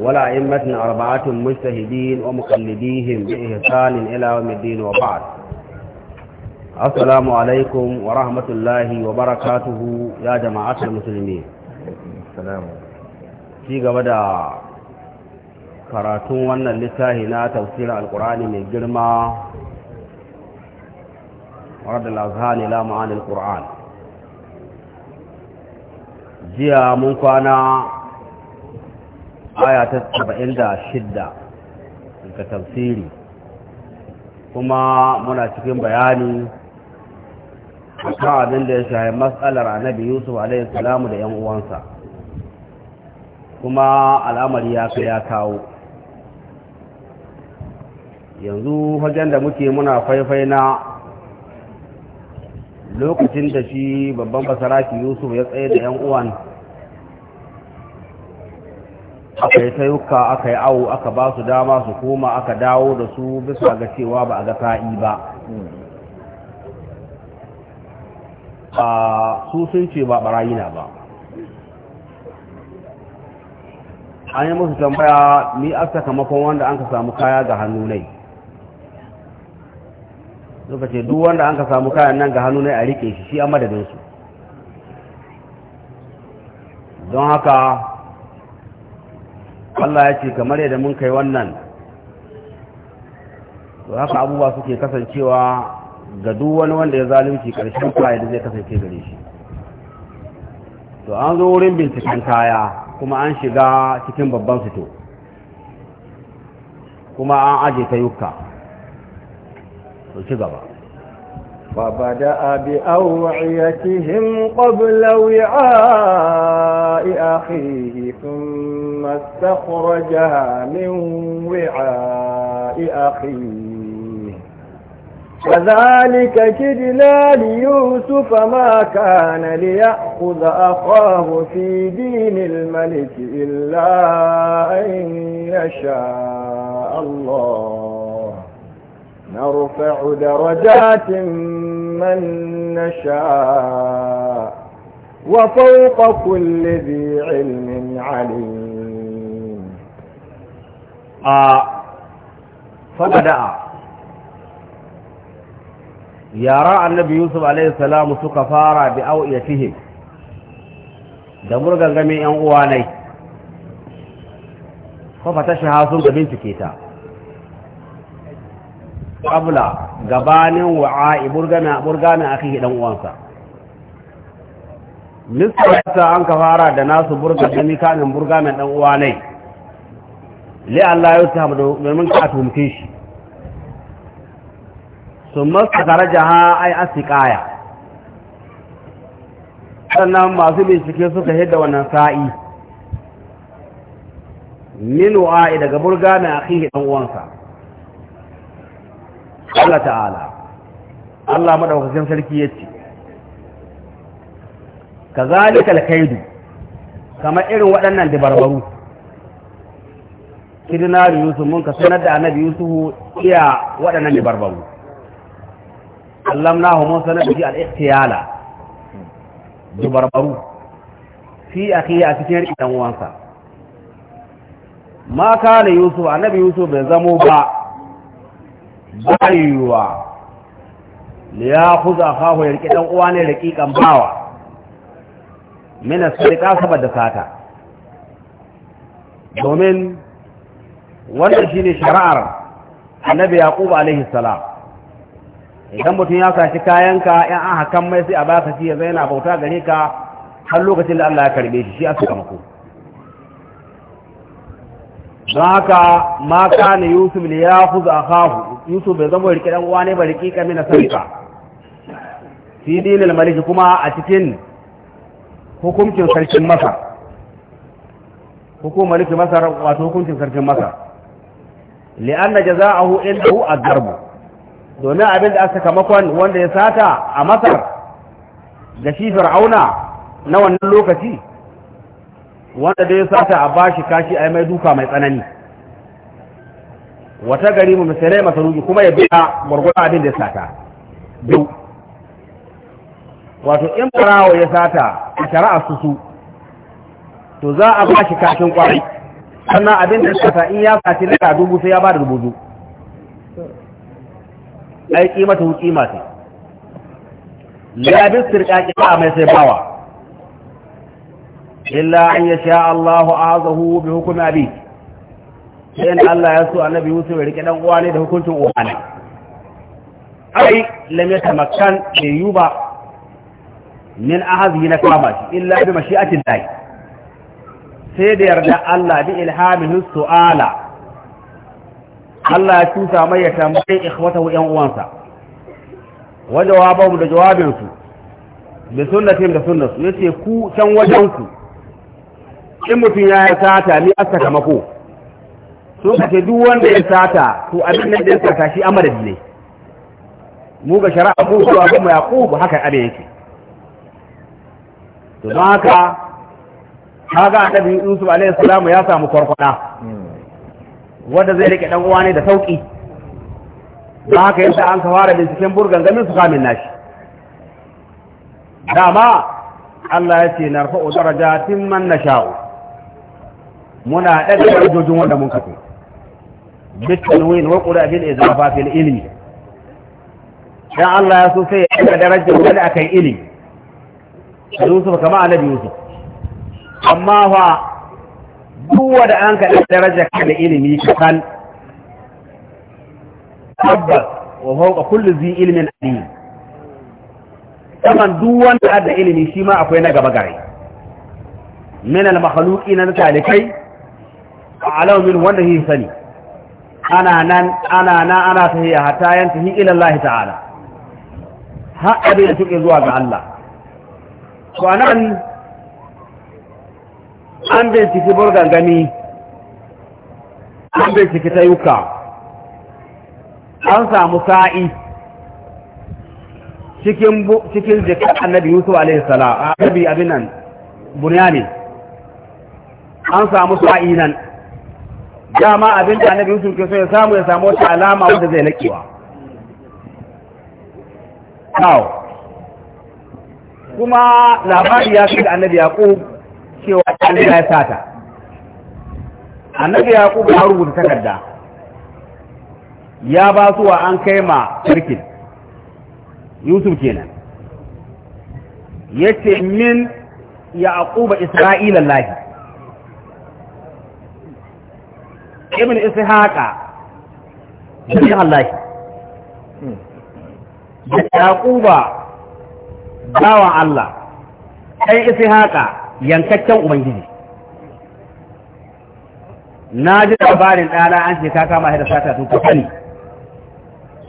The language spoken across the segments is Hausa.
ولا أئمة أربعة مجتهدين ومقلديهم بإحسان إلى يوم الدين وبعد السلام عليكم ورحمة الله وبركاته يا جماعة المسلمين السلام في قبدا karatun wannan littafi na tafsirin alkur'ani mai girma wadda lazhani la ma'anin alkur'an jiya mun kwana aya ta 76 daga tafsiri kuma muna cikin bayani akan abin da ya shahi matsalar annabi yusuf alaihi salamu da 'yan uwansa kuma al'amari ya ya kawo yanzu wajen da muke muna faifai na lokacin da shi babban basaraki yusuf ya tsaye da 'yan uwan aka yi yuka aka yi awo aka ba su dama su koma aka dawo da su bisa ga cewa ba a ga sa'i ba a su sun ce ba na ba an yi musu tambaya ni a sakamakon wanda an ka samu kaya ga hannu nai suka ce duk wanda an ka samu kayan nan ga hannu nai a rike shi shi a madadinsu don haka Allah ya ce kamar yadda mun kai wannan to haka abubuwa suke kasancewa ga duk wani wanda ya zalunci karshen kwaye da zai kasance gare shi to an zo wurin binciken kaya kuma an shiga cikin babban fito kuma an aje ta yukka to ci gaba فبدأ بأوعيتهم قبل وعاء أخيه ثم استخرجها من وعاء أخيه وذلك كدنا ليوسف ما كان ليأخذ أخاه في دين الملك إلا أن يشاء الله نرفع درجات من نشاء وفوق كل ذي علم عليم آه فبدأ yara annabi yusuf alaihi suka fara bi au'iyatihim da murgangamin yan uwa nai ko fata shaha sun ga bincike ta abla gabanin wa'a burgana burgana akhihi dan uwansa misalta an ka fara da nasu burga da mikanin burgana dan uwa ne li Allah ya ta mu domin ka tumke shi daraja ha ai asiqaya sannan masu bincike suka hidda wannan sa'i min wa'a daga burgana akhihi dan uwansa Allah ta'ala Allah madaukakin sarki yace kazalika alkaidu kama irin waɗannan dabarbaru kidinari yusuf mun ka sanar da annabi yusuf iya waɗannan dabarbaru hu mun sanar da shi al-ihtiyala dabarbaru fi akhi a cikin dan uwansa ma kana yusuf annabi yusuf bai zamo ba ba yiwuwa ya kuza kahu ya riƙe ɗan uwa ne da ƙiƙan bawa mina sadika saboda sata domin wannan ne shari'ar annabi yaqub alaihi salam idan mutum ya saci kayanka yan an hakan mai sai a baka shi ya zaina bauta gare ka har lokacin da Allah ya karbe shi shi a mako. don haka ma ne yusuf ne ya za a kahu yusuf bai zama rike dan uwa ne ba rike kami na sarka fi dinin maliki kuma a cikin hukuncin sarkin masar hukumar maliki masar wato hukuncin sarkin masar li'anna jaza'ahu indahu az-zarb domin abin da aka kamakon wanda ya sata a masar da shi fir'auna na wannan lokaci wanda dai sata a bashi kashi ai mai duka mai tsanani wata gari mu misalai masaruki kuma ya biya gwargwada abin da ya sata biyu wato in barawo ya sata a shari'a susu to za a bashi kashin kwarai sannan abin da ya sata in ya sati naira dubu sai ya ba da rubutu ai ta hukima kimata labis sirka ba mai sai bawa illa an ya sha Allahu azahu bi hukmi abi sai in Allah ya so annabi Yusuf ya rike dan uwa ne da hukuncin uwa ne ai lam yatamakkan ayyuba min ahadhi na kama shi illa bi mashi'atin Allah sai da yarda Allah bi ilhamihi su'ala Allah ya tusa mai ya tambaye yan uwansa wa jawabahu da jawabinsu da sunnatin da sunnatu yace ku in mutum ya yi sata ni a sakamako sun kace duk wanda ya sata to abin da ya sata shi amara ne mu ga shari'a ko su abin mu yaqub haka abin yake to don haka kaga annabi Yusuf alaihi salamu ya samu kwarkwada wanda zai rike dan uwa ne da sauki don haka yadda an fara binciken burgan gamin su kamin nashi dama Allah ya ce narfa'u darajatin man nasha'u muna ɗaga hujjojin wanda mun kafe bitanwin wa qura bil izafa fil ilimi, dan Allah ya so sai ya ɗaga darajar wani a akan ilimi Yusuf kama annabi Yusuf amma fa duk da an ka darajar ka da ilimi ka san tabbas wa fawqa kulli zi ilmin alim saman duk wanda da ilimi shi ma akwai na gaba gare min al makhluqina na talikai a'lamu min wanda shi sani ana nan ana nan ana tahiyya hatta yantahi ila Allah ta'ala har abin da suke zuwa ga Allah to anan an bai ciki burgan gani an bai binciki tayuka an samu sa'i cikin cikin jikin annabi yusuf alaihi salam annabi abin nan bunyani an samu sa'i nan dama abin da annabi Yusuf ke so ya samu ya samu wata alama wanda zai nakewa. kawo kuma labari ya fi da annabi Yaqub cewa Allah ya sata annabi Yaqub ya rubuta takarda ya ba su wa an kai ma sarkin Yusuf kenan yace min Yaqub Isra'ila lahi ibn ishaqa da Allah da yaquba bawa Allah kai ishaqa yankakken ubangiji na ji labarin ɗana an ce ka kama shi sata tun ka sani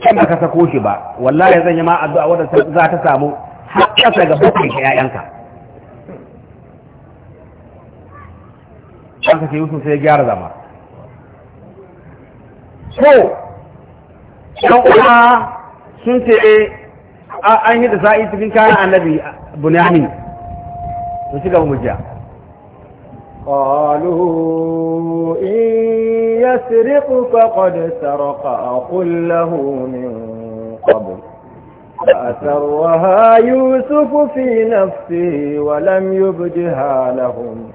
kan ka sako shi ba wallahi zan yi ma addu'a wadda za ta samu har kasa ga bakin ka ƴaƴanka an ka ce Yusuf sai gyara zama ko ɗan uwa sun ce eh, an yi da sa'i cikin kayan annabi bunyamin su shiga mujja قالوا إن يسرق فقد سرق أقل له من قبل فأسرها يوسف في نفسه ولم يبدها لهم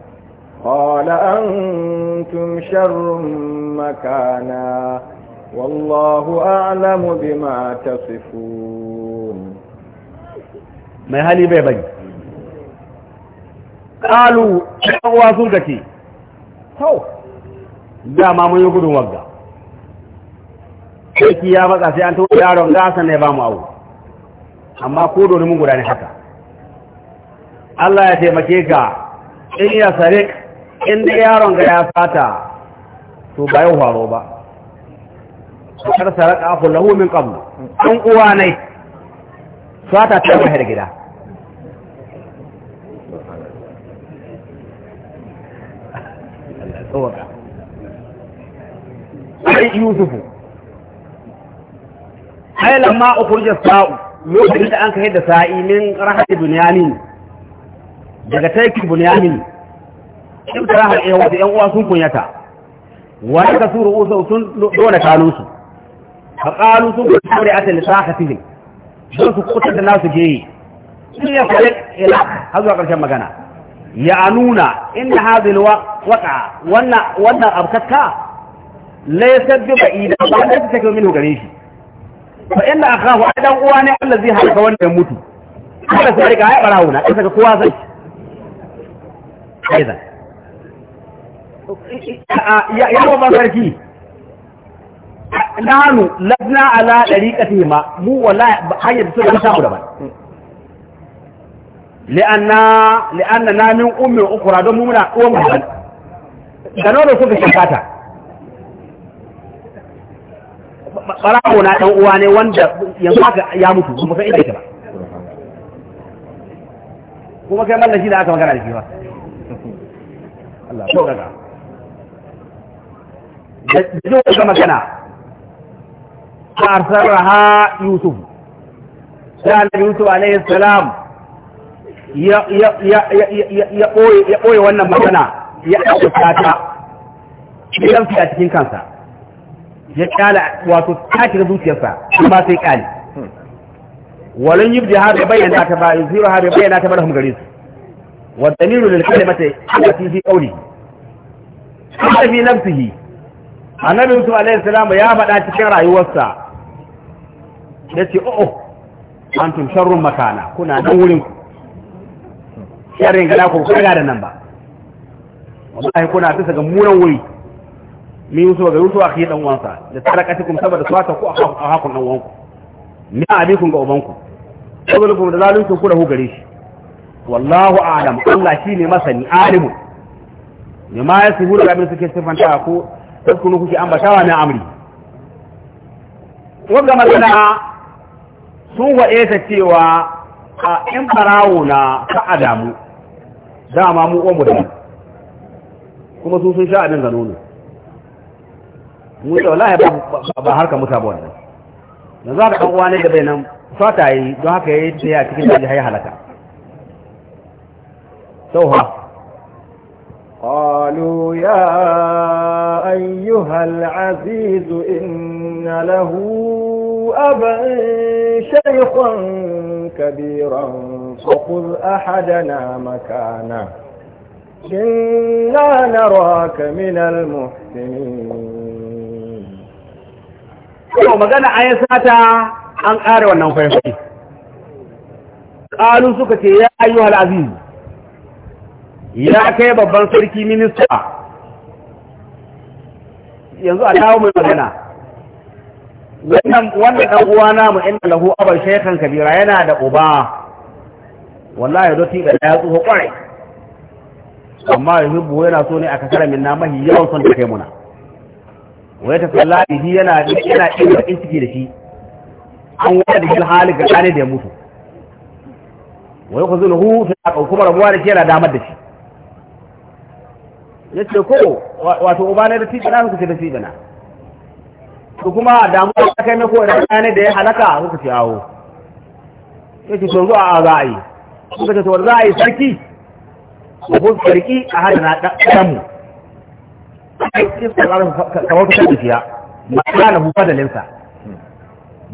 قال أنتم شر مكانا والله أعلم بما تصفون ما هالي بيبي قالوا شعوا سلطتي هو da ma mun yi gudun wagga ya matsa sai an tuwa yaron gasa ne ba mu awo amma ko doni mun guda ne haka Allah ya taimake ka in ya sarik inda yaron ga ya fata to ba yau faro ba kar saraka ku lahu min qabl dan uwa ne fata ta mai da gida ai yusufu ai lamma ukhrijat sa'u lokacin da an kai da sa'i min rahati bunyamin daga taikin bunyamin in ta rahar ɗaya wata ‘yan uwa sun kunyata wa ka su ru'usa sun dole kanunsu ka ƙalu sun kunyata kore ata lissafa fihim don su kutar da nasu geyi sun ya fara ila har zuwa ƙarshen magana ya nuna inda hazin waka wannan abkaka laisar bi ba'ida ba da ta take min gare shi fa inda akahu adan uwa ne Allah zai halaka wanda ya mutu kada sai ka ya barawo na sai kowa sai aidan ya sarki nanu labna ala dariqati ma mu su da samu daban na min don mu uwan da suka shakata na uwa ne ya mutu kuma kuma kai mallaki da aka magana da shi ba Allah ko gaga da jin wata magana ta arsarraha yusuf sai annabi yusuf alaihi salam ya ɓoye wannan magana ya ɗauka ta idan fiye a cikin kansa ya ƙyala wato tashi zuciyarsa shi ba sai ƙyale walin yi da har da bayyana ta ba yanzu har da bayyana ta ba da hungare su wa dalilu lil kalimati ya fi qawli hada fi nafsihi annabi Yusuf alaihi salam ya faɗa cikin rayuwarsa Ya yace o'o oh, oh, antum sharrun makana kuna nan wurin ku sharrin gada ku kaga da nan ba wallahi kuna bisa ga muran wuri min Yusuf ga Yusuf akhi dan uwansa. da tarakatikum saboda ta ku a hakun dan uwanku. ni abikun ga ubanku saboda kuma da zalunci ku da hu gare shi wallahu a'lam Allah shine masani alimu bima yasifuna da abin suke sifanta ko taskunu kuke ambatawa na amri wanda magana sun waɗe ta cewa a ‘yan farawo na ka'adamu dama mu omu da kuma sun sha abin gano ne mun tsawala ya ba harka mutu abuwa nan da za ka ɗan uwa ne da bai nan fata yi don haka ya yi ta yi a cikin daji ya halaka sauha قالوا يا أيها العزيز إن له أبا شيخا كبيرا فخذ أحدنا مكانه إنا نراك من المحسنين kuma magana a ya sata an ƙare wannan faifai ƙalu suka ce ya ayyuhal aziz ya kai babban sarki minista yanzu a dawo mai magana wannan ɗan dan uwa namu inda lahu abar shekhan kabira yana da uba wallahi doti da ya tsoho kwarai amma yuhibbu yana so ne a kasar min na mahi yawan son da kai muna wai ta salla bihi yana yana ina in ciki da shi an wada da hali ga ɗane da ya mutu wai ku zulhu fi kuma marabuwa da shi yana damar da shi ya ce ko wato uba na da tiki suka ce da na to kuma damuwa ta kai na ko da ɗaya da ya halaka suka ci awo ya ce to zuwa a za suka ce to za a yi sarki ko ko sarki a hada na ɗanmu sai iska za su kamar ta kan ya ma'ana na hufa da lensa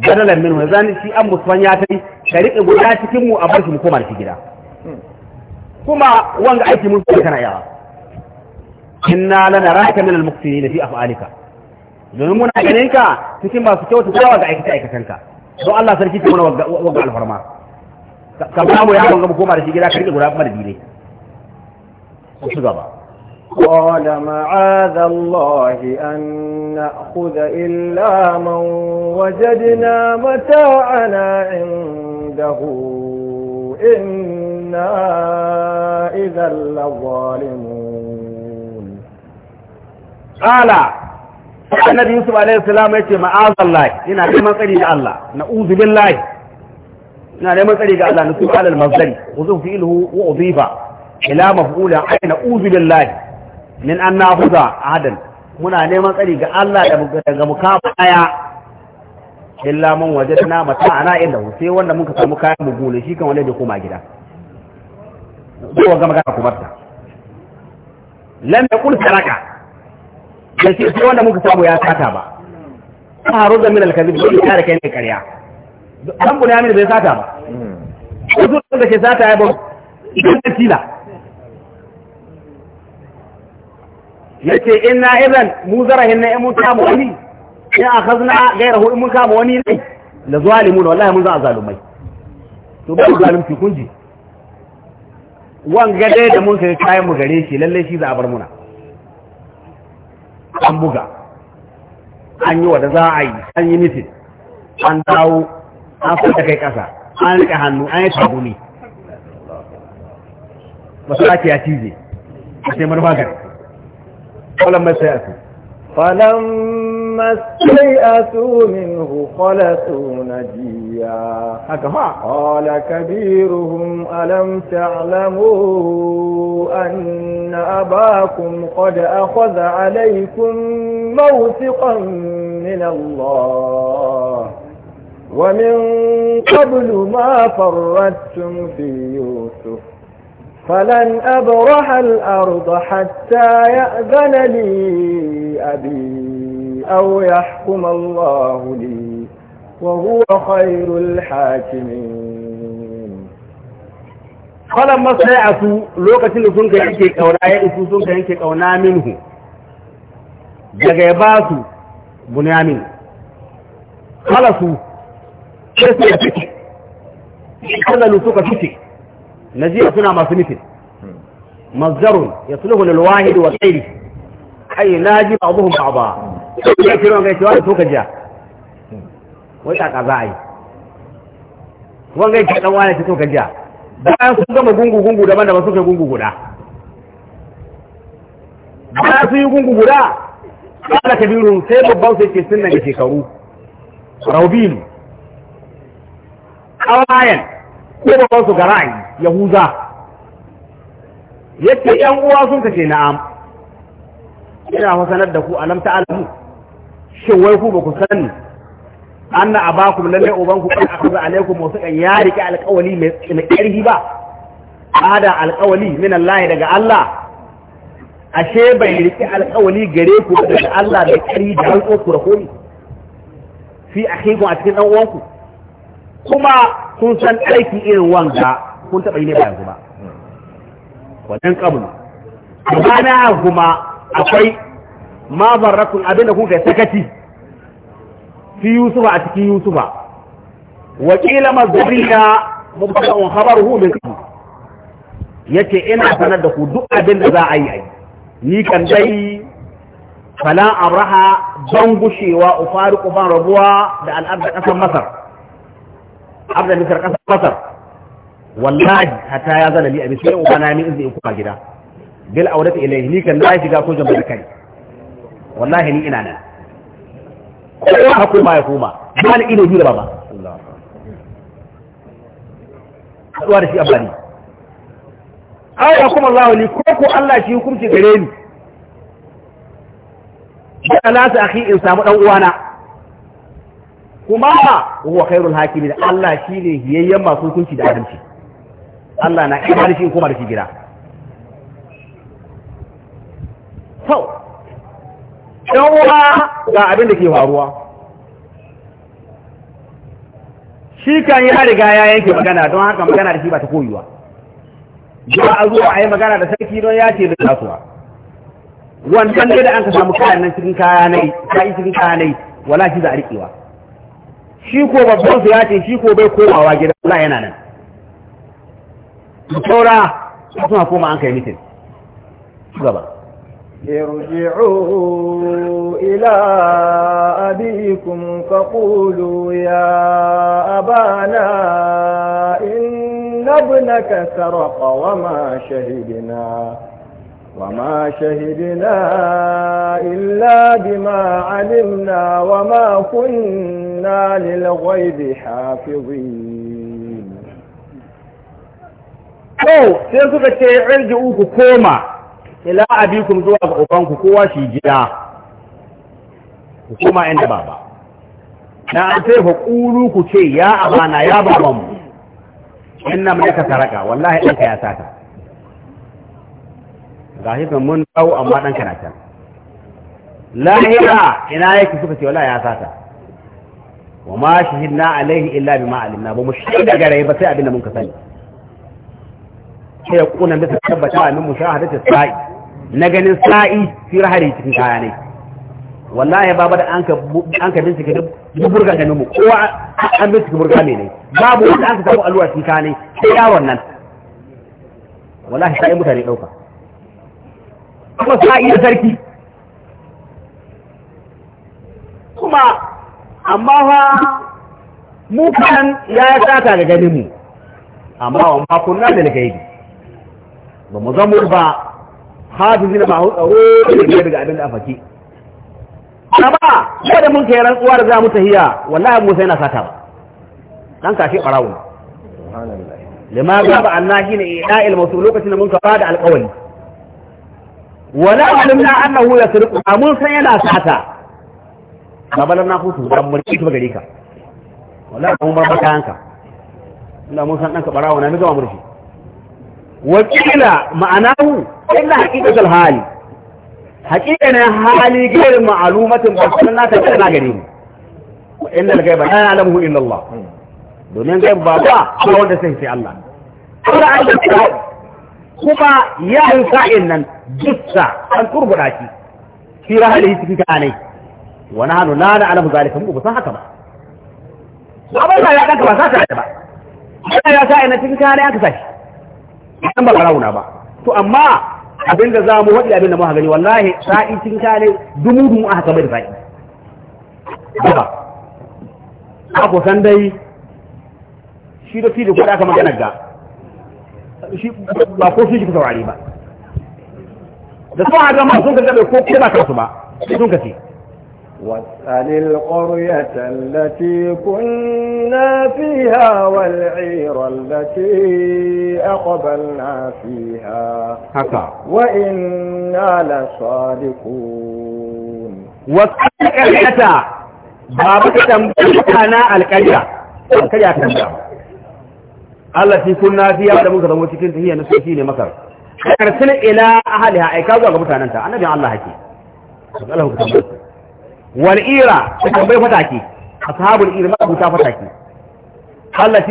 badalan min wazani shi an musuwan ya tai ka riƙe guda cikin mu a bar shi mu koma da gida kuma wanga aiki mun kana yawa كنا لنراك من المقتلين في أفعالك لنمونا إليك تسمى سكوة تتاوض عيك تأيك سنك سو الله سنكي تمونا وقع الفرما كبامو يا عمو كما رشي كلا كريك قراب ما ندي وصدابا قال معاذ الله أن نأخذ إلا من وجدنا متاعنا عنده إنا إذا لظالمون qala annabi yusuf alaihi salam yace ma'azallahi ina neman tsari ga Allah na'udhu billahi ina neman tsari ga Allah nusu alal mazdari uzu fi'luhu wa udifa ila maf'ula ay na'udhu billahi min an nahuza adan muna neman tsari ga Allah daga mukama aya illa man wajadna mata'ana inda sai wanda muka samu kayan mu gole shi kan wanda da koma gida ko ga magana ku barta lam yaqul saraka da shi sai wanda muka samu ya sata ba tsaro da min alkazib bai kare kai ne karya dan bunyamin bai sata ba wasu da ke sata ya ba idan ta tila yace inna idan mu zarahin na mun samu wani in akhazna gairahu in mun kama wani ne la zalimun wallahi mun za zalumai to ba zalunci kunji wanga dai da mun kai kayan mu gare shi lalle shi za a bar muna an buga an yi wata za a yi an yi mitin an dawo an fata kai ƙasa an rika hannu an yi tabuni masu ake ya cize a sai manufa gari mai sai a su فلما استيئسوا منه خلصوا نجيا قال كبيرهم ألم تعلموا أن أباكم قد أخذ عليكم موثقا من الله ومن قبل ما فردتم في يوسف فلن أبرح الأرض حتى يأذن لي أبي أو يحكم الله لي وهو خير الحاكمين فلما سيعسوا لوكة لسنك ينكي كونا يأسوا سنك ينكي كونا منه جغيباتوا بنيامين خلصوا كيف يفتح خلصوا سوك najiya suna masu nufin mazdarun ya sulhu lil wahid wa ghairi kai naji ba'dhum ba'dha ya kiran ga cewa to kaja wai ta kaza ai wanga ke dan wani to kaja bayan sun gama gungu gungu daban daban suka gungu guda bayan sun yi gungu guda kala kabirun sai babban sai ce sunna ga shekaru raubin kawayan ko su ga ra'ayi yahuza yake yan uwa sun kace na'am ina fa sanar da ku alam ta'alamu shin wai ku ba ku sani anna abakum lalle ubanku kan akaza alaikum wasu kan ya rike alƙawali mai ƙarfi ba ada alƙawali min Allah daga Allah ashe bai rike alƙawali gare ku daga Allah da ƙarfi da alƙo ku da komi? fi akhikum a cikin dan uwanku kuma kun san aiki irin wanga kun taɓa yi ne bayan kuma wannan kabul na kuma akwai ma abin abinda kuka yi sakaci fi yusufa a cikin yusufa wakila mazariya mubtada'un khabaruhu min ya yace ina sanar da ku duk abin da za a yi yi ni kan dai falan abraha ban gushewa ufari ban rabuwa da al'adar ƙasar masar abda misar kasar masar wallahi hatta ya zana ni abin sai uba na ni in kuma gida bil aurati ilayhi ni kan na shiga ko jamba da kai wallahi ni ina nan kowa hakuri ma ya koma ba ni ilimi da baba haɗuwa da shi amfani awa kuma Allah ne ko ko Allah shi hukunci gare ni da alasa akhi in samu dan uwana kuma huwa khairul hakimin Allah shine hiyayyen masu hukunci da adalci Allah na da shi kuma da shi gida to ɗan uwa ga abin da ke faruwa shi kan yi riga ya yanke magana don haka magana da shi ba ta koyuwa ba a zuwa a yi magana da sarki don ya ce da kasuwa wannan dai da an ka samu kayan nan cikin kaya nai cikin kaya wala shi za a riƙewa shi ko babban su ya ce shi ko bai komawa gida Allah yana nan saura suna koma an kai mitin gaba ارجعوا إلى أبيكم فقولوا يا أبانا إن ابنك سرق وما شهدنا وما شهدنا إلا بما علمنا وما كنا وكنا للغيب حافظين to sai suka ce irji'u ku koma ila abikum zuwa ga ubanku kowa shi ku koma inda baba na an sai fa qulu ku ce ya abana ya babanmu inna maka saraka wallahi danka ya saka gashi kan mun dawo amma danka na can lahira ina yake suka ce wallahi ya saka wa ma shahidna alaihi illa bima alimna ba mu shaida gare ba sai abinda mun ka sani sai kuna da tabbata min mushahadati sa'i na ganin sa'i fi rahari cikin kaya ne wallahi baba da an ka an ka bincike duk burga ganin mu kowa an bincike burga ne ne babu wanda an ka samu alwa cikin kaya ne sai ya wannan wallahi sai mutane dauka kuma sa'i da sarki kuma amma fa mu kan ya sata da gani mu amma ba kunna da ne, ba mu zamo ba zina ba hu tsaro da daga abin da a faki amma ko da mun kai rantsuwa da za mu tahiya wallahi musa yana sata ba dan kashi barawo lima ga ba Allah ne ila'il masu lokacin da mun ka bada alƙawari wala alimna annahu yasriqu amun san yana sata babalan na hutu da murki ba gare ka wallahi mun bar baka hanka Allah mun san danka barawa na gama murshi wakila ma'anahu illa haqiqatul hali haqiqatan hali gair ma'lumatin ba san na ta kana gare ni wa innal ghaiba la ya'lamuhu illa Allah domin gaib ba ba ko wanda sai sai Allah kuma an kuma yi sa'in nan dukka an turbuda shi fi rahalihi cikin kanai Wani hannu na la na'lamu zalika mu san haka ba abin da ya danka ba sa ta ba Allah ya sa ina cikin kare aka shi. dan ba rauna ba to amma abinda za mu wadi abinda da mu gani wallahi sa'i cikin kare dumu dumu aka kamar da sa'i ba ako san dai shi da fili kuɗa kamar magana ga shi ba ko shi ka saurari ba da sun haga ma sun ka gabe ko kuma ba ka ba sun ka ce واسأل القرية التي كنا فيها والعير التي أقبلنا فيها حكا وإنا لصادقون واسأل القرية بابك تنبتنا القرية القرية تنبتنا التي كنا فيها ودمك دموت كنت هي نسوكين مكر أرسل إلى أهلها أي كاوزا أنا النبي الله حكي أسأله بتنبتنا wal'ira da tambayi fataki ashabul iri ma buta fataki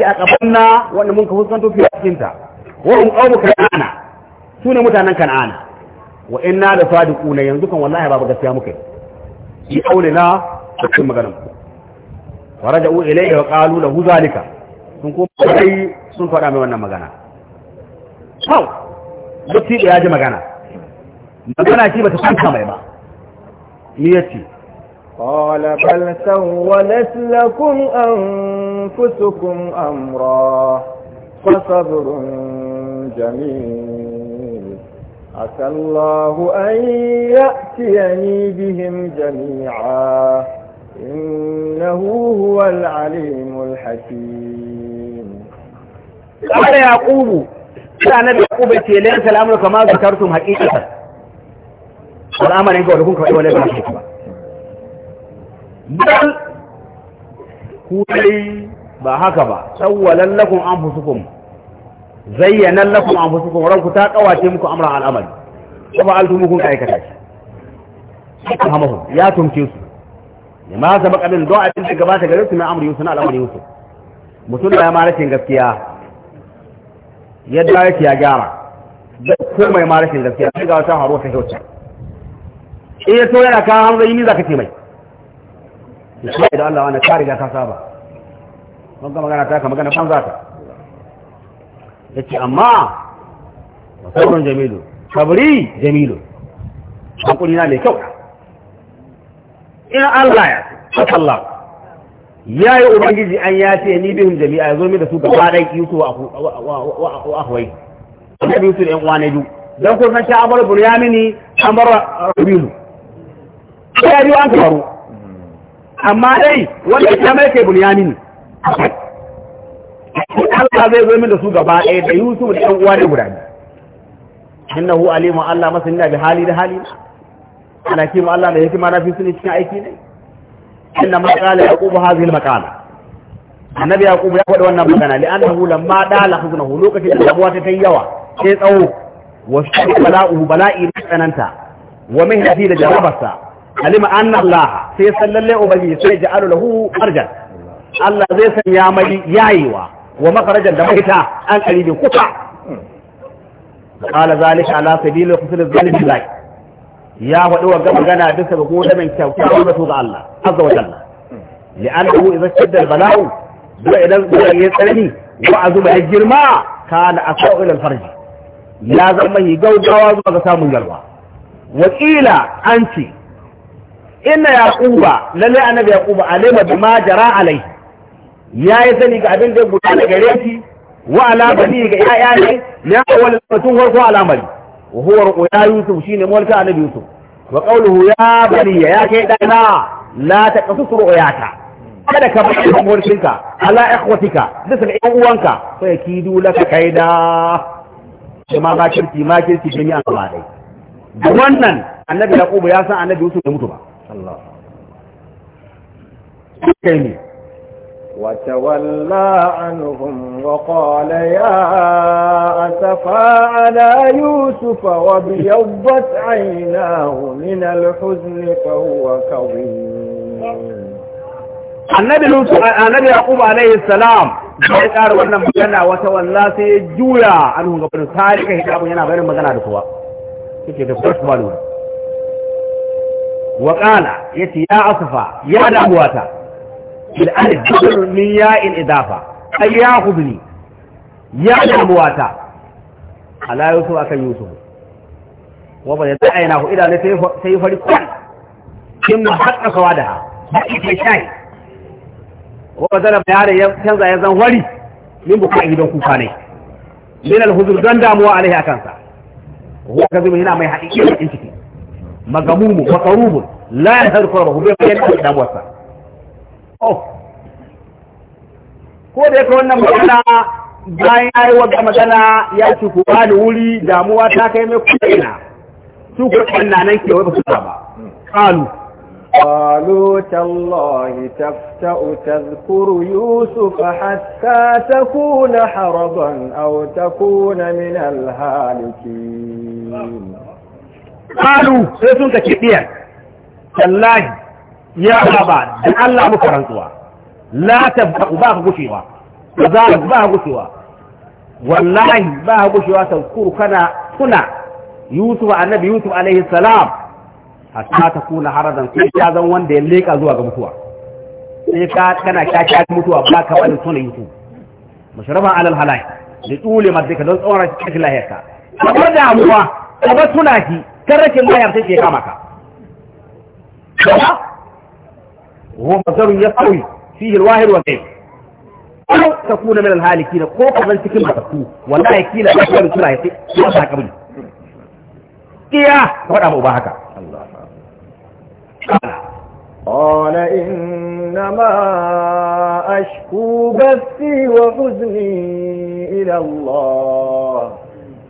a kafanna wanda mun ka fuskanto fiye cikin ta wa hum kan'ana su ne mutanen kan'ana wa da la ƙuna yanzu kan wallahi babu gaskiya muke yi na cikin maganar ku faraja'u ilai wa ƙalu da huzalika sun ko kai sun faɗa mai wannan magana hau duk ya ji magana magana ce ba ta kanta mai ba ni ya ce قال بل سولت لكم أنفسكم أمرا فصبر جميل عسى الله أن يأتيني بهم جميعا إنه هو العليم الحكيم قال يعقوب يا نبي يعقوب ليس الأمر كما ذكرتم حقيقة الأمر يقول لكم كما يقول لكم bal ku dai ba haka ba sawwalan lakum anfusukum zayyana lakum anfusukum ranku ta kawace muku amra al'amari kuma altumukum aikata shi hamahu ya tumke su ne ma sa bakabin don abin da gabata gare su mai amri yusuf na al'amari yusuf mutum da ya ma rashin gaskiya yadda yake ya gyara da komai ma rashin gaskiya sai ga wata haro ta kyauta in ya so yana kawo hanzari ni za ka ce mai shi da Allah wani ka riga ka saba ban ga magana ta ka magana kan za ta ce amma sabrun jamilu sabri jamilu hakuri na mai kyau ina Allah ya sallallahu ya yi ubangiji an ya ce ni bihim jami'a ya zo mai da su gaba ki su wa ahwai annabi su ɗan uwa ne biyu don kun ya mini buryamini an bar rabilu ya biyu an faru. amma dai wanda ya mai kai ne Allah zai zo min da su gaba ɗaya da Yusuf da ɗan uwa da guda biyu innahu alimu Allah masani bi hali da hali ana kima Allah da yake na fi sun cikin aiki ne inna ma qala yaqub hadhihi al-maqala annabi yaqub ya faɗi wannan magana li annahu lamma dala huznahu lokacin da abuwa ta kai yawa sai tsawo wa shi bala'u bala'i na tsananta wa mihnati da jarabarsa kalima an Allah sai sallalle ubangi sai ji alu lahu arjan Allah zai sanya mai yayewa wa makarajan da mahita an karibin kuka qala zalika ala sabili husnul zalimi lak ya faɗi wa magana bisa ga godamin kyakkyawan zato ga Allah azza wa jalla li'annahu idza shadda al-bala'u da idan ya tsarni wa azuma ya girma kana asau ila al-farji ya zama hi gaugawa zuwa ga samun galwa wakila an ce inna kuba lalle annabi yaquba alima ma jara alai yayi sani ga abin da ya gudana gare shi wa ala bani ga yaya ne ya awal mutum warko alamari wa huwa ruqya yusuf shine mulka annabi yusuf wa qawluhu ya bani ya kai dana la taqasus oyata. kada ka bari mulkinka ala ikhwatika bisa ga uwanka fa dula laka kaida kuma ma kirki ma kirki bin yi an dai wannan annabi yaqub ya san annabi yusuf ya mutu ba الله وتولى عنهم وقال يا أسفى على يوسف وبيضت عيناه من الحزن فهو كظيم النبي لوط النبي يعقوب عليه السلام يقار wannan magana wata walla sai juya annu gaban tarihi da abun yana bayani magana da kowa kike da first one waƙala ya ce ya asufa ya damuwa ta al’adar min ya in idafa ai ya hudu ya damuwa ta alayusu a kan yusufu wanda ya ta aina ku idanu sai yi fari kwan cin ma haɗa kawa da ha ba ita shayi wanda zara ba yare canza ya zan wari min buka a gidan kuka ne min alhuzur don damuwa alaihi a kansa wanda zai mai hina mai haɗi iya ciki magamumu makarubu la ya harfa ba bai bayyana da damuwarsa ko da yake wannan magana bayan ya yi wa magana ya ci kuwa da wuri damuwa ta kai mai kuɗina su kuɗin na nan kewaye ba su ba kalu قالوا تالله تفتأ تذكر يوسف حتى تكون حربا أو تكون من الهالكين kalu sai sun kace diyar tallahi ya aba dan Allah muka rantsuwa la tabda ba ka gushewa ba ba ka gushewa wallahi ba ka gushewa kuru kana kuna yusuf annabi yusuf alaihi salam hatta ta kuna haradan sai ya zan wanda ya leka zuwa ga mutuwa sai ka kana kyakya mutuwa ba ka wani sunan yusuf mashraban alal halai da tsule madaka don tsawon rashin lahiyarka kamar damuwa kamar tunaki kan rashin sai ke kama ka فيه الواحد والغير أو تكون من الهالكين قوة قبل تكلمة والله يكيل أكبر من سنة يطيق سنة قبل إياه قال إنما أشكو بثي وحزني إلى الله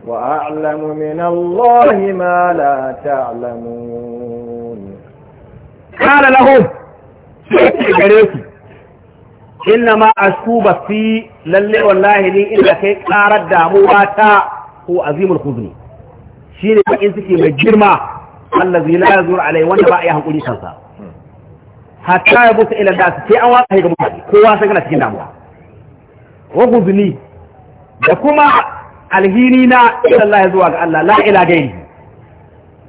وأعلم من الله ما لا تعلمون قال له إنما أشكو في للي والله لي إلا كي قارد دامواتا هو عظيم الخزن شيني بإن سكي مجرما الذي لا يزور عليه وانا بقى يهم قولي شنسا حتى يبص إلى الناس في أول هيك مهدي كوا سكنا سكين داموا وخزني da kuma alhini na ila Allah zuwa ga Allah la ila gairi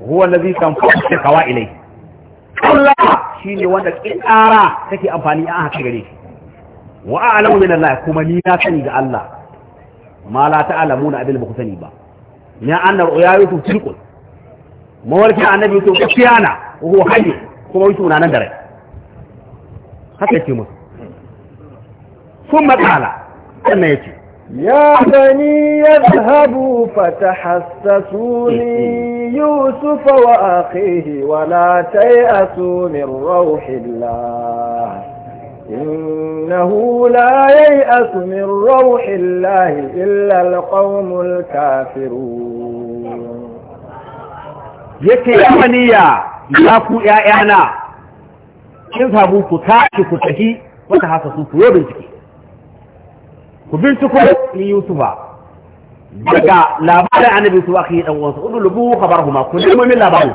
huwa allazi tanfa'u kawa'ilai Allah shine wanda kikara take amfani a haka gare shi wa a'lamu min Allah kuma ni na sani ga Allah ma la ta'lamuna abin da ku sani ba ya anna ru'yatu tilkun mawarki annabi to kiyana wa huwa hayy kuma wuce na nan dare haka ce musu sun matsala sannan yake يا بني يذهبوا فتحسسوا لي يوسف وأخيه ولا تيأسوا من روح الله إنه لا ييأس من روح الله إلا القوم الكافرون yake yamaniya za يا ‘ya'yana, in sabu ku tashi ku tafi ku binciko ni yusufa daga labarin annabi su akhi dan uwansa udu lubu khabarhuma ku nemo min labarin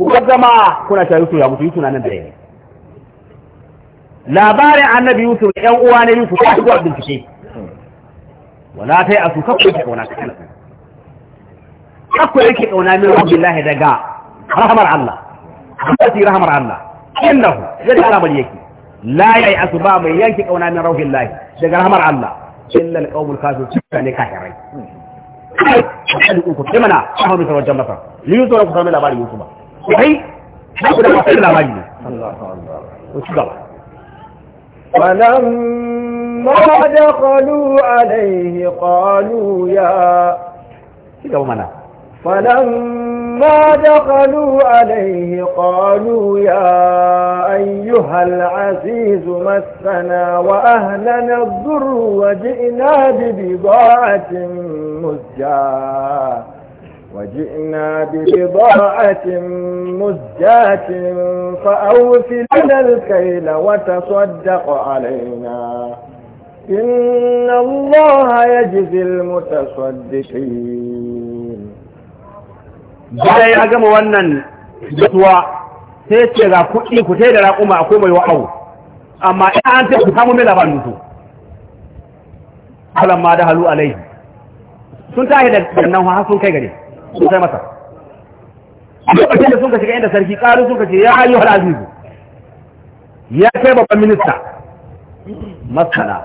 ku ga jama'a kuna ta yusufa mutu yusufa nan da labarin annabi yusuf yan uwa ne yusuf ta shigo bincike wala tai asu kakku ta na kana kakku yake kauna min rabbillahi daga rahmar Allah rahmar Allah innahu yadda al'amari yake la yayi asuba mai yanki kauna min rauhin lahi daga rahmar Allah illa alqawmul kafir suka ne kafirai kai ku sai mana amma bisa wajen masa li yuzo ku sami labarin yusuf Allah Allah فلما دخلوا عليه قالوا يا فلما فلما دخلوا عليه قالوا يا أيها العزيز مسنا وأهلنا الضر وجئنا ببضاعة مزجاة وجئنا ببضاعة مزجاة فأوفلنا الكيل وتصدق علينا إن الله يجزي المتصدقين bayan ya gama wannan gatuwa sai ce ga kuɗi ku tai da raƙuma akwai mai wa'au amma ina an ce ku samu mai labarin mutu alam ma da halu alaihi sun tahi da nan ha sun kai gare sun sai masa a lokacin da sun ka shiga inda sarki ƙaru sun ka ce ya wa azizu ya kai babban minista masana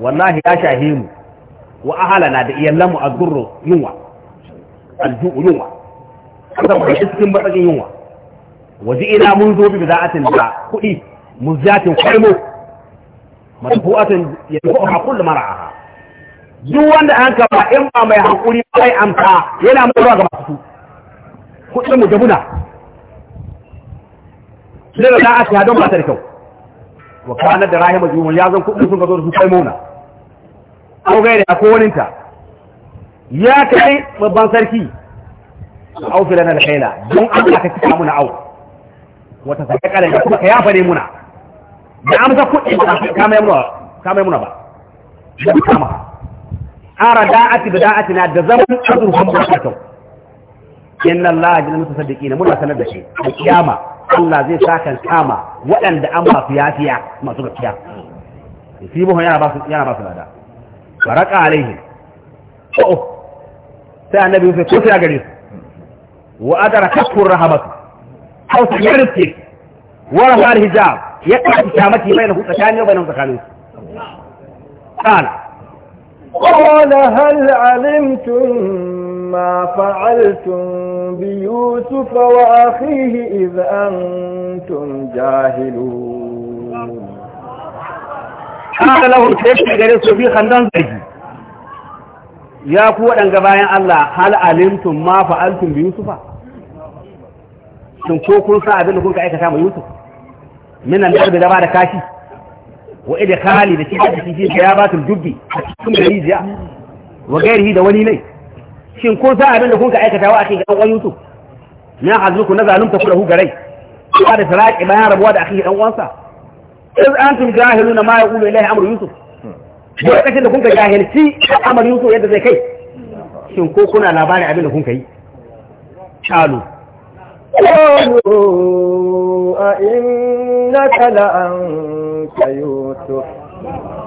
wallahi ya shahimu wa ahalana da iyallanmu a zurro yunwa alju'u yunwa kasan mu shi cikin batsakin yunwa waje ina mun zo bi bida'atin da kuɗi muziyatin kwaimo madfu'atin yadfu'u a kullu mar'aha duk wanda an kama in ba mai hakuri bai amsa yana mai ga masu kuɗin mu jabuna shi da za a ci don ba ta da kyau wa kanar da rahima juhun ya zan kuɗin sun gazo da su kai mauna an ko a kowaninta ya kai babban sarki au filana alhaila don Allah ka cika muna au wata sadaka da kuma ka yafa ne muna da amsa kuɗi ba ka mai muna ka mai muna ba da kama ara da'ati bi da'atina da zaman azurfan barkatau inna Allah jalla mutasaddiqina muna sanar da shi da kiyama Allah zai saka kama waɗanda an ba su yafiya masu gaskiya fi buhun yana ba su yana ba su lada baraka alaihi oh sai annabi sai ko sai gare su وأدركته الرهبة أو سيرتك ورفع الحجاب يقع شامته بينه تكاني وبينه تكاني قال قال هل علمتم ما فعلتم بيوسف وأخيه إذ أنتم جاهلون قال له الشيخ في خندان زيدي ya ku waɗanga bayan Allah hal alimtum ma fa'altum bi yusufa shin ko kun sa abin da kun ka aikata ma yusuf min al da ba da kashi wa ida khali da cikin cikin ya ba batul dubbi cikin garijiya wa gairihi da wani ne shin kun sa abin da kun ka aikata wa akai ga uwan yusuf na hazluku na zalumta kulahu garai ba da saraki bayan rabuwa da akai dan uwansa iz antum jahiluna ma yaqulu ilayhi amru yusuf lokacin da kun ka jahilci amarin yusuf yadda zai kai shin ko kuna labarin abin da kun ka yi an قالوا أئنك لأنت يوسف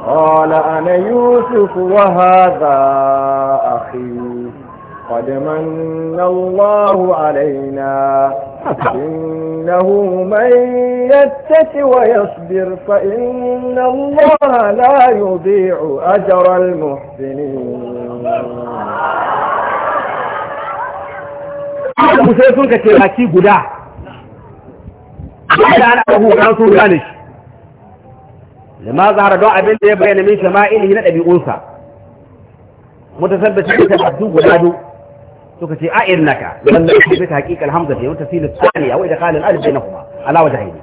قال أنا قد من الله علينا إنه من يتك ويصبر فإن الله لا يضيع أجر المحسنين Ku sai sun ka taimaki guda, da ana abubuwan sun gane shi, da ma zahara don abin da ya bayyana min shama'ili na ɗabi'unsa, mutasabbaci da tabbatu guda duk suka ce a irnaka wanda ake bi haqiqa Hamza ce wata filu thaniya wa idha qala al-alif bainahuma ala wajhaini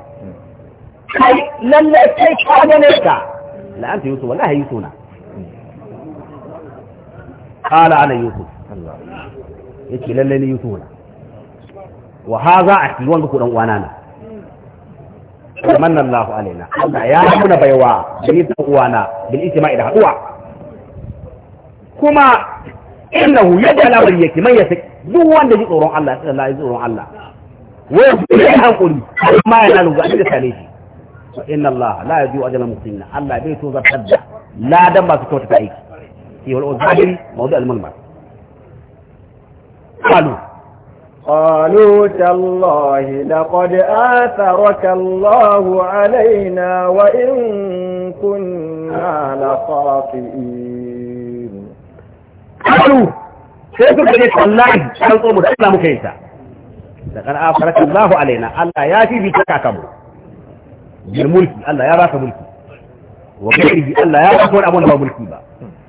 kai lalle kai ka gane ka la anta yusuf wallahi yusuna qala ana yusuf yake lalle ni yusuna wa hadha akhi wanda ku dan uwana na tamanna Allahu alaina Allah ya muna baiwa da ni dan uwana bil ijma'i da haduwa kuma إنه يدع الأمر يكي من يسك زوان دي تورون الله لا يزورون الله ويزورون أنقلي ما ينالوا بأجل سليه فإن الله لا يزيو أجل المسلمين الله يبيه توزر حدا لا دم بس كوتك أيك في هو الأزاجر موضوع الملمات قالوا قالوا تالله لقد آثرك الله علينا وإن كنا لخاطئين قالوا sai suka ce wallahi an tsomu da Allah muka yi ta da kan afaraka Allah alaina Allah ya fi bita kakamu bil mulki Allah ya baka mulki wa gairi Allah ya baka wani abu da ba mulki ba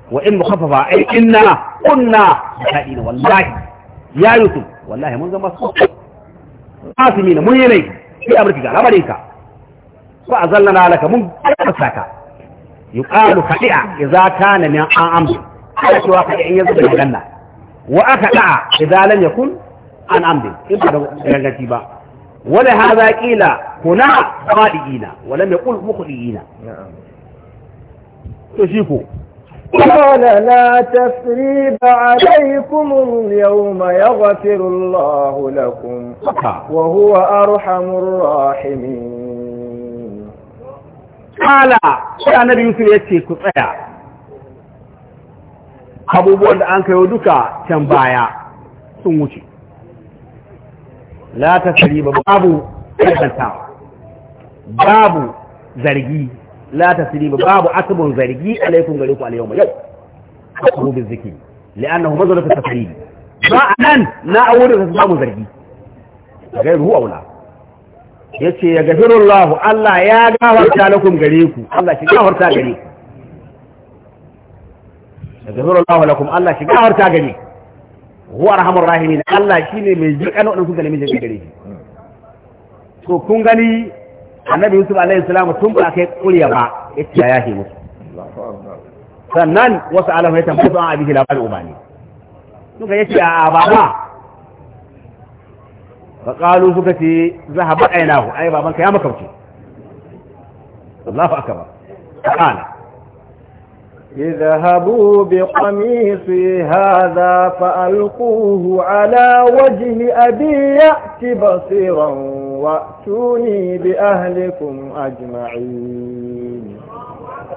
wa in mukhaffafa ai inna kunna ta'ina wallahi ya yusuf wallahi mun zama su asimi na mun yi laifi sai amurki ga labarin ka a zallana alaka mun karasa ka yuqalu khadi'a idza kana min an amsa ana cewa ka in yanzu da ganna wa aka da'a idan lam yakun an amdi in ba da gangaci ba wala hadha qila kuna qadiina wa lam yaqul mukhdiina to shi ko قال لا تثريب عليكم اليوم يغفر الله لكم وهو أرحم الراحمين قال النبي يوسف يتي كفايا abubuwan da an kayo duka can baya sun wuce la ta ba babu kankantawa babu zargi la ta ba babu asibin zargi alaikun gari ku alayau yau a kurubin ziki li'annahu mazalata sari ba a nan na da su samu zargi ruhu aula wula. ya gafirullahu Allah ya gafarta lakum gare ku Allah shi gafarta gare ku yaghfirullahu lakum Allah shi gafarta gare huwa arhamur rahimin Allah shine mai jikan wadanda suka nemi jikin shi to kun gani annabi Yusuf alaihi salam tun ba kai kuriya ba yace ya musu sannan wasu alamu ya tambaya an abin labarin ubani suka yace a baba فقالوا فكتي ذهب عيناه أي بابا اذهبوا بقميصي هذا فألقوه على وجه أبي يأت بصيرا وأتوني بأهلكم أجمعين